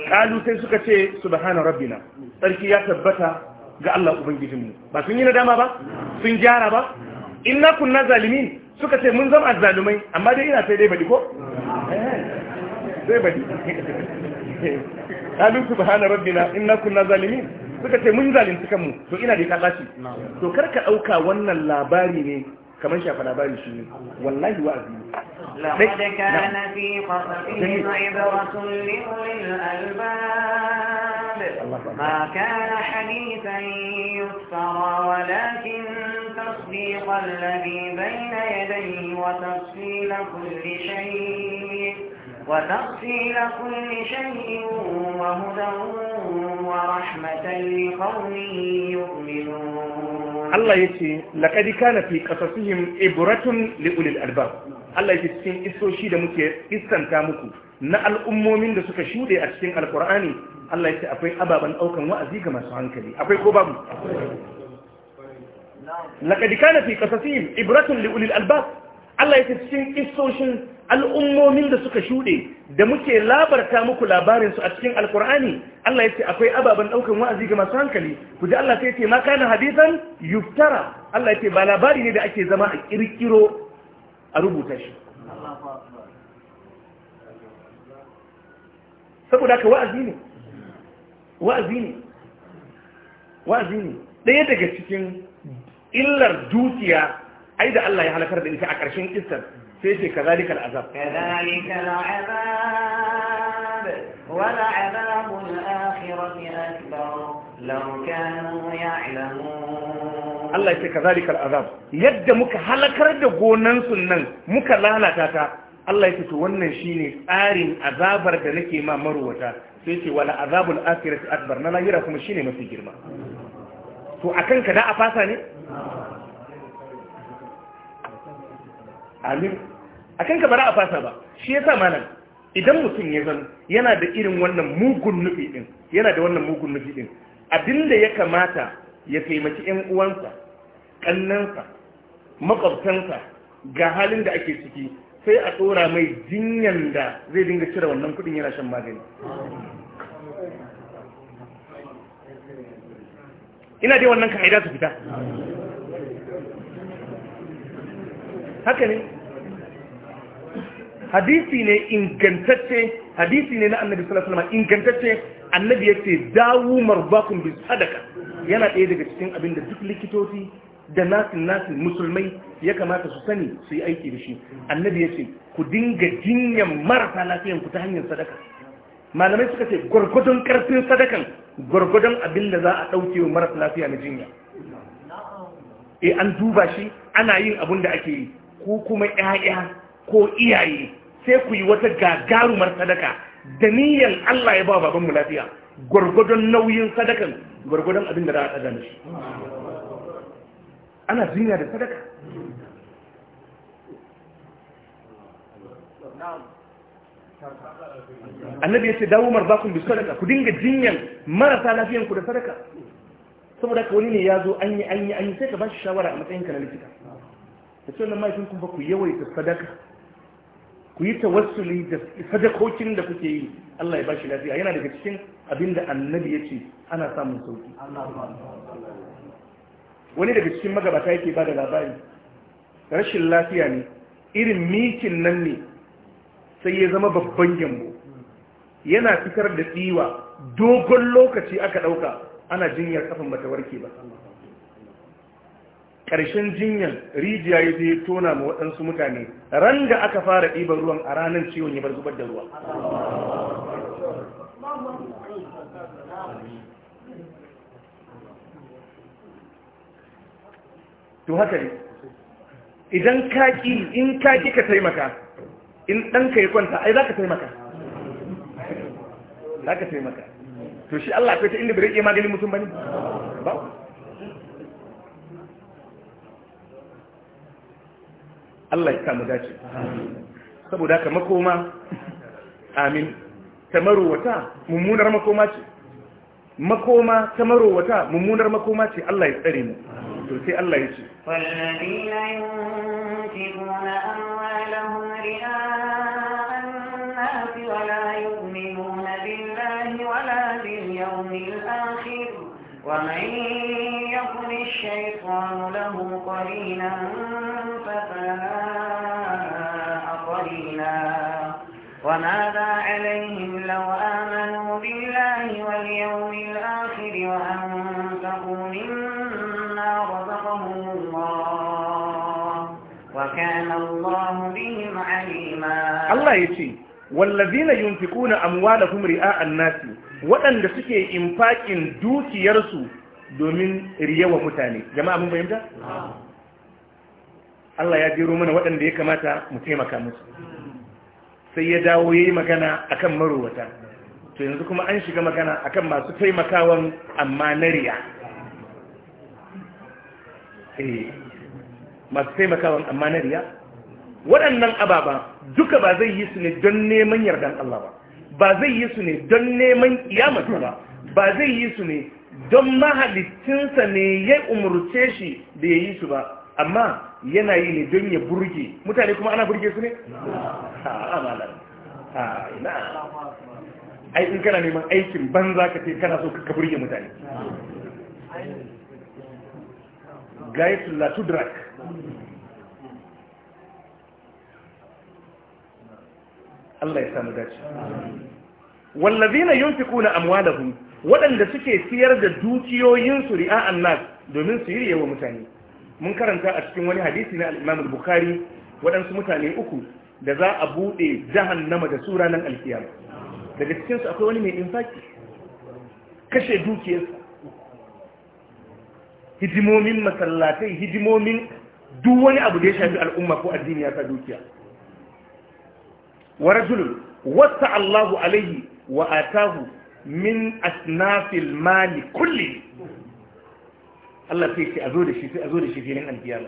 S1: ƙalu sai suka ce subhana rabbina tsarki ya tabbata ga Allah ubangijinmu ba sun yi na dama ba sun gyara ba inna kunna zalimi suka ce mun zama zalumai amma dai ina sai dai baɗi ko sai bari qalu subhana rabbina inna kunna zalimin suka ce mun zalunci kanmu to ina da kalashi to kar ka dauka wannan labari ne kamar shafa labari shi ne wallahi wa'azi
S2: لقد كان في قصصهم عبرة لأولي الألباب ما كان حديثا يفترى ولكن تصديق الذي بين يديه وتفصيل كل شيء وتفصيل كل شيء وهدى ورحمة لقوم يؤمنون الله
S1: يتي لقد كان في قصصهم إبرة لأولي الألباب Allah ya cikin isoshi da muke iskanta muku na al'ummomin da suka shuɗe a cikin alkur'ani Allah ya ce akwai ababen ɗaukan wa'azi ga masu hankali akwai ko babu laqad kana fi qasasihim ibratun li ulil albab Allah ya ce cikin isoshin al'ummomin da suka shuɗe da muke labarta muku labarinsu a cikin alkur'ani Allah ya ce akwai ababen ɗaukan wa'azi ga masu hankali ku ji Allah sai ce ma kana hadisan yuftara Allah ya ce ba labari ne da ake zama a ƙirƙiro a rubuta shi saboda ka wa'azi ne wa'azi ne wa'azi ne ɗaya daga cikin illar dukiya ai da Allah ya halakar da ita a ƙarshen kistar sai ce kazalika al'azab kazalika al'azab wala azabu al-akhirati
S2: akbar law kanu ya'lamun
S1: Allah ya ce kazalika al'azab yadda muka halakar da gonan nan muka lalata ta Allah ya ce to wannan shine tsarin azabar da nake ma maruwata sai ce wala azabul akhirati akbar na lahira kuma shine mafi girma to akan ka da a fasa ne amin a kanka bara a fasa ba shi yasa nan idan mutum ya zan yana da irin wannan mugun nufi din yana da wannan mugun nufi din abinda ya kamata ya taimaki yan uwansa kannansa makwabtansa ga halin da ake ciki sai a tsora mai jinyan da zai dinga cire wannan kuɗin yana shan magani ina dai wannan ka'ida su fita haka ne hadisi ne ingantacce hadisi ne na annabi sallallahu alaihi wasallam ingantacce annabi yace dawu marbakum bi sadaka yana ɗaya daga cikin abin da duk likitoci da nasin nasin musulmai ya kamata su sani su yi aiki da shi annabi yace ku dinga jinyan marasa lafiyan ku ta hanyar sadaka malamai suka ce gwargwadon karfin sadakan gwargwadon abin da za a ɗauke wa marasa lafiya na jinya eh an duba shi ana yin abin da ake yi ku kuma ƴaƴa ko iyaye sai ku yi wata gagarumar sadaka da niyyar Allah ya ba babanmu lafiya gwargwadon nauyin sadakan gwargwadon abin da za a ɗaga mishi
S3: ana jinya da sadaka annabi ya ce
S1: dawo marbakun bi sadaka ku dinga jinyan marasa lafiyan ku da sadaka saboda ka wani ne ya zo an yi an yi an yi sai ka ba shi shawara a matsayin ka na likita da ce wannan mahaifin kuma ku yawaita sadaka ku yi tawassuli da sadakokin da kuke yi Allah ya bashi lafiya yana daga cikin abin da annabi ya ce ana samun sauki wani daga cikin magabata yake ba da labari rashin lafiya ne irin mikin nan ne sai ya zama babban gyambo yana fitar da tsiwa dogon lokaci aka ɗauka ana jinyar kafin bata warke ba ƙarshen jinyan rijiya ya je tona ma waɗansu mutane ran da aka fara ɗiban ruwan a ranar ciwon ya bar zubar da ruwa to haka ne idan kaki in kaki ka taimaka in ɗanka ya kwanta ai za ka taimaka za ka taimaka to shi Allah akwai ta inda bai rike maganin mutum ba ne ba Allah ya samu dace saboda haka makoma amin ta marowata mummunar makoma ce makoma ta marowata mummunar makoma ce Allah ya tsare mu to sai Allah ya ce wallazina
S2: yunfiquna amwalahum ri'a an yi وماذا عليهم لو آمنوا بالله واليوم الآخر وأنفقوا مما رزقهم الله وكان الله بهم عليما الله
S1: يتي والذين ينفقون أموالهم رئاء الناس وأن سكي إنفاق دوكي يرسو domin riyawa mutane jama'a mun fahimta Allah ya jero mana waɗanda ya kamata mu taimaka musu sai ya dawo ya yi magana a kan marowata to yanzu kuma an shiga magana a kan masu taimakawan amma na riya eh, masu taimakawan amma na riya waɗannan ababa duka ba zai yi su ne don neman yardan Allah ba ba zai yi su ne don neman kiyamata ba ba zai yi su ne don mahalittinsa ne ya umurce shi da ya yi su ba amma yana yi ne don ya burge mutane kuma ana burge su ne? a ina ai in kana neman aikin banza ka ce kana so ka burge mutane Guy2latu latudrak Allah ya samu dace wallazina yunfikuna amwalahum waɗanda suke siyar da dukiyoyinsu ri'a'an nas domin su yi yawa mutane mun karanta a cikin wani hadisi na al-Imam bukhari waɗansu mutane uku da za a buɗe jahannama da su ranar alkiyama daga cikinsu akwai wani mai infaki kashe dukiyarsa hidimomin masallatai hidimomin duk wani abu da ya shafi al'umma ko addini ya sa dukiya wa rajulun wata Allahu alaihi wa atahu min asnafil mali kulli Allah sai ce a zo da shi sai a zo da shi filin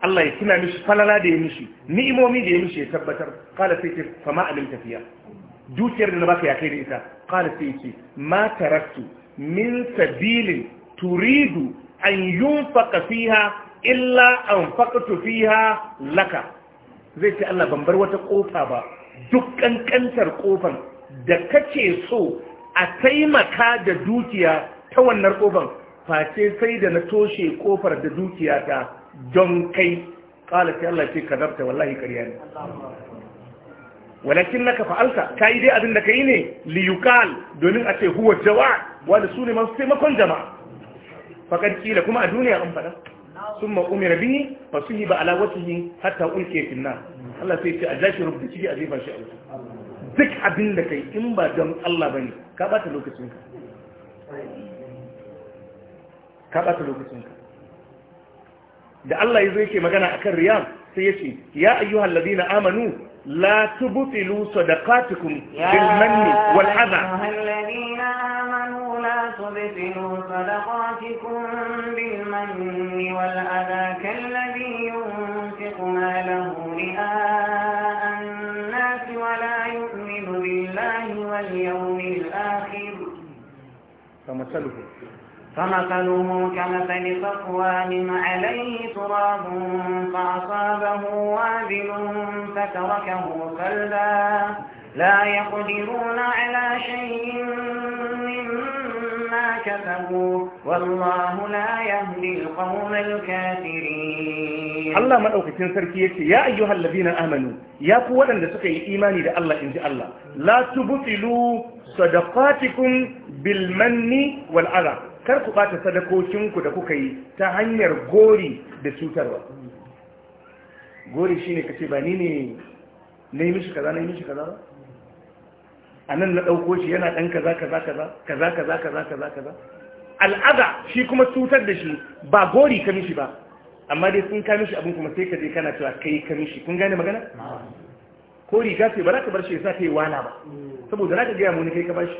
S1: Allah ya tuna mishi falala da ya mishi ni'imomi da ya mishi ya tabbatar kala sai ce fama alim tafiya dukiyar da na baka ya kai da ita kala sai ce ma min sabilin turidu an fiha illa anfaqtu fiha laka zai ce Allah ban bar wata ƙofa ba duk kankantar kofan da kace so a taimaka da dukiya ta wannan kofar face sai da na toshe kofar da dukiyata don kai ƙala sai Allah ce kazabta wallahi ƙarya ne walakin kafa fa'alta ka yi dai abin da ka yi ne liyukal domin a ce huwa jawa wanda su ne masu taimakon jama'a Fakar kila kuma a duniya an faɗa sun ma'umira bihi ba su yi ba ala wasu yi hatta ulke finna Allah sai ce a jashi rubuta ciki a jefa shi a wuta duk abin da yi in ba don Allah ba ne ka ɓata lokacinka ka ɓata lokacinka da Allah ya zo yake magana kan riya sai ya ce ya ayyuhal ladina amanu la tubtilu sadaqatukum bil manni wal adha
S2: تبطلوا صدقاتكم بالمن والأذى كالذي ينفق ماله رئاء الناس ولا يؤمن بالله واليوم الآخر
S1: فمثله فمثله
S2: كمثل صفوان عليه تراب فأصابه وابل فتركه فلدا لا يقدرون على شيء مما كسبوا والله لا يهدي القوم الكافرين الله
S1: مدوكتين سركي يا ايها الذين امنوا يا قوة da suka yi imani da Allah inji Allah la tubtilu sadaqatikum bil manni wal adha kar ku bata sadakokinku da kuka yi ta hanyar gori da cutarwa gori shine kace ba ni ne na yi mishi kaza na yi mishi kaza ba a nan na ɗauko shi yana ɗan kaza kaza kaza kaza kaza kaza kaza kaza al'ada shi kuma cutar da shi ba gori ka mishi ba amma dai sun ka mishi abin kuma sai ka je kana cewa kai ka mishi kun gane magana ko riga sai ba za ka bar shi ya sa kai wala ba saboda za ka gaya mu ne kai ka bashi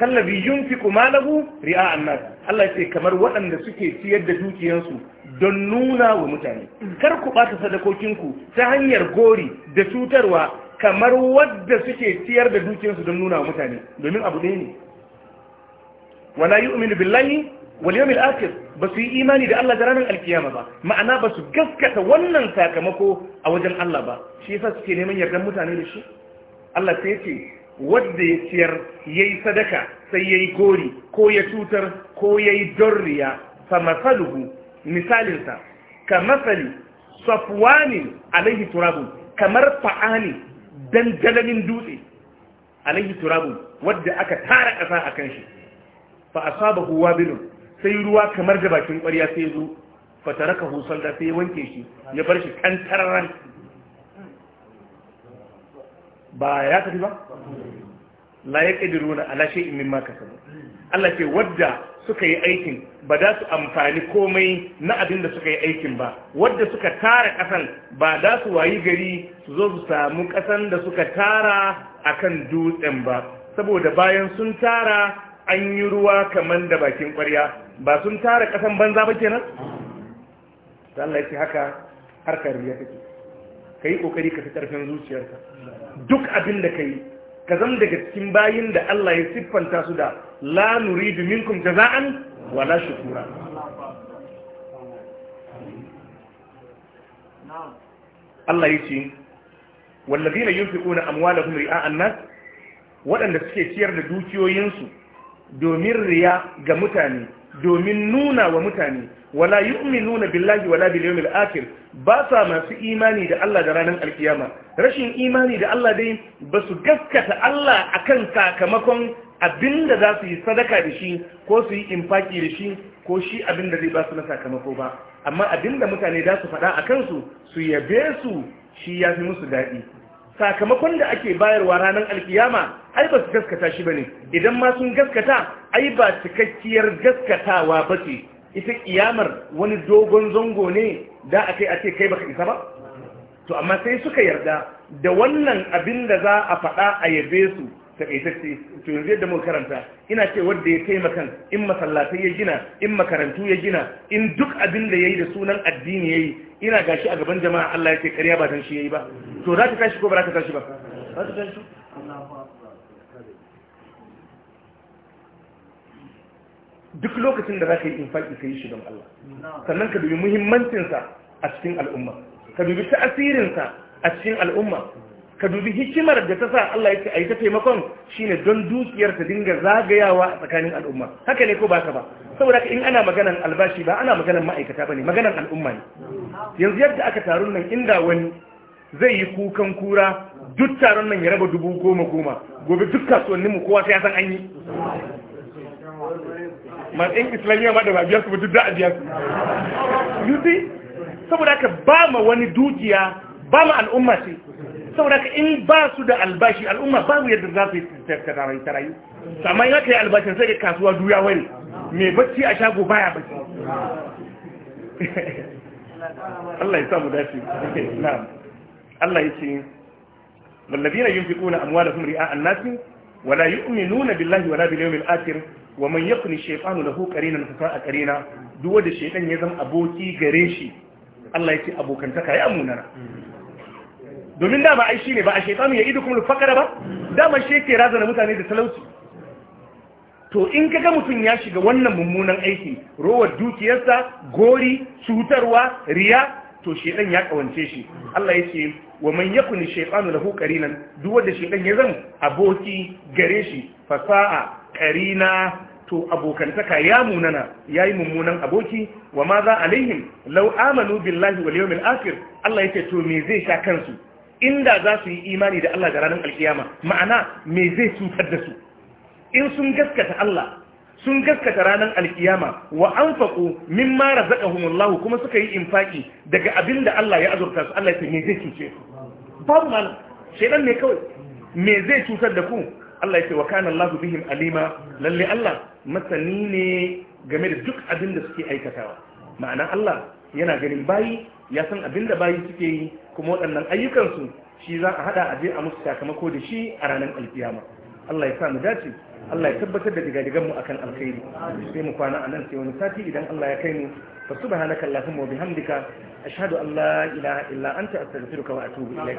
S1: kallabi yunfiqu malahu ri'a annas Allah ce kamar waɗanda suke ciyar da dukiyansu don nuna wa mutane kar ku ɓata sadakokinku ta hanyar gori da cutarwa kamar wadda suke ciyar da dukiyansu don nuna wa mutane domin abu ɗaya ne wala yu'minu billahi wal yawmil akhir ba su yi imani da Allah da ranar alkiyama ba ma'ana ba su gaskata wannan sakamako a wajen Allah ba shi yasa suke neman yardan mutane da shi Allah sai ce wadda ya ciyar ya yi sadaka sai ya yi gori ko ya cutar ko ya yi dorriya fa masaluhu misalinsa ka masali safwanin alaihi turabun kamar fa'ani galamin dutse alaihi turabun wadda aka tara ƙasa a kan shi fa huwa wabilun sai ruwa kamar da bakin ƙwarya sai zo fataraka husar da sai wanke shi ya bar shi kantararren ba ya tafi ba la ya ƙidiruna in shay'in maka sabu Allah ce wadda suka yi aikin ba za su amfani komai na abin da suka yi aikin ba wadda suka tara ƙasan, ba za su wayi gari su zo su samu ƙasan da suka tara a kan dutsen ba saboda bayan sun tara an yi ruwa kamar da bakin ƙwarya, ba sun tara ƙasan banza ba kenan Allah ya ce haka harkar kake Ka yi ƙoƙari ka fi ƙarfin zuciyarka duk abin da yi, ka zan daga cikin bayin da Allah ya siffanta su da la nuridu minkum jaza'an wala shukura Allah ya ce wallazina yunfiquna amwalahum ri'a'an nas waɗanda suke ciyar da dukiyoyinsu domin riya ga mutane domin nuna wa mutane wala yu'minuna billahi wala bil yawmil akhir ba sa masu imani da Allah da ranar alkiyama rashin imani da Allah dai ba su gaskata Allah akan sakamakon abinda za su yi sadaka da shi ko su yi infaki da shi ko shi abinda zai ba su na sakamako ba amma abinda mutane za su faɗa a kansu su yabe su shi ya fi musu daɗi sakamakon da ake bayarwa ranar alkiyama ai ba su gaskata shi ba ne idan ma sun gaskata ai ba cikakkiyar gaskatawa ba ce ita kiyamar wani dogon zango ne da a kai a ce kai baka isa ba to amma sai suka yarda da wannan abin da za a faɗa a yabe su ta takaitacce to yanzu yadda muka karanta ina ce wanda ya taimakan in masallatai ya gina in makarantu ya gina in duk abin da yayi da sunan addini yayi ina gashi a gaban jama'a Allah ya ce ƙarya ba dan shi yayi ba to za ta tashi ko ba za ta tashi ba za ta tashi duk lokacin da za ka yi infaki ka yi shi don Allah sannan ka dubi muhimmancinsa a cikin al'umma ka dubi ta'asirinsa a cikin al'umma ka dubi hikimar da ta sa Allah ya ce a yi ta taimakon shine don dukiyar ta dinga zagayawa a tsakanin al'umma haka ne ko ba ka ba saboda in ana maganan albashi ba ana maganan ma'aikata ba ne maganan al'umma ne yanzu yadda aka taron nan inda wani zai yi kukan kura duk taron nan ya raba dubu goma goma gobe duk kasuwanninmu kowa sai ya san an yi in islamiyya ma da ba biya su ba duk da a biya su you see saboda ka ba ma wani dukiya ba ma al'umma ce saboda ka in ba su da albashi al'umma ba mu yadda za su yi tarayi amma yi aka yi albashin sai ga kasuwa duya wani mai bacci a shago baya bacci
S3: Allah ya samu dace na'am
S1: Allah ya ce wallazina yunfiquna amwalahum ri'a an-nasi wala yu'minuna billahi wala bil yawmil akhir wa man yakuni shaytanu lahu qarinan fa sa'a qarina duk wanda shaytan ya zama aboki gare shi Allah ya ce abokantaka ya munana domin dama ai shine ba a shaytanu ya idu kuma fakara ba dama shi yake razana mutane da talauci to in kaga mutum ya shiga wannan mummunan aiki rowar dukiyarsa gori cutarwa riya to shaytan ya kawance shi Allah ya ce wa man yakuni shaytanu lahu qarinan duk wanda shaytan ya zama aboki gare shi sa'a karina to abokantaka ya munana ya yi mummunan aboki wa ma za alaihim law amanu billahi wa yawmil afir Allah ce to me zai sha kansu inda za su yi imani da Allah da ranar alkiyama ma'ana me zai cutar da su in sun gaskata Allah sun gaskata ranar alkiyama wa an faƙo min mara zaƙa humullahu kuma suka yi infaƙi daga abin da Allah ya azurta su Allah ya me zai cuce babu malam shaidan ne kawai me zai cutar da ku Allah yake wa kana Allah bihim alima lalle Allah masani ne game da duk abin da suke aikatawa ma'ana Allah yana ganin bayi ya san abin da bayi suke yi kuma waɗannan ayyukan su shi za a hada a je a musu sakamako da shi a ranar alkiyama Allah ya sa mu dace Allah ya tabbatar da digadigan mu akan alkhairi sai mu kwana a nan sai wani sati idan Allah ya kai mu fa subhanaka allahumma wa bihamdika ashhadu an la ilaha illa anta astaghfiruka wa atubu ilaik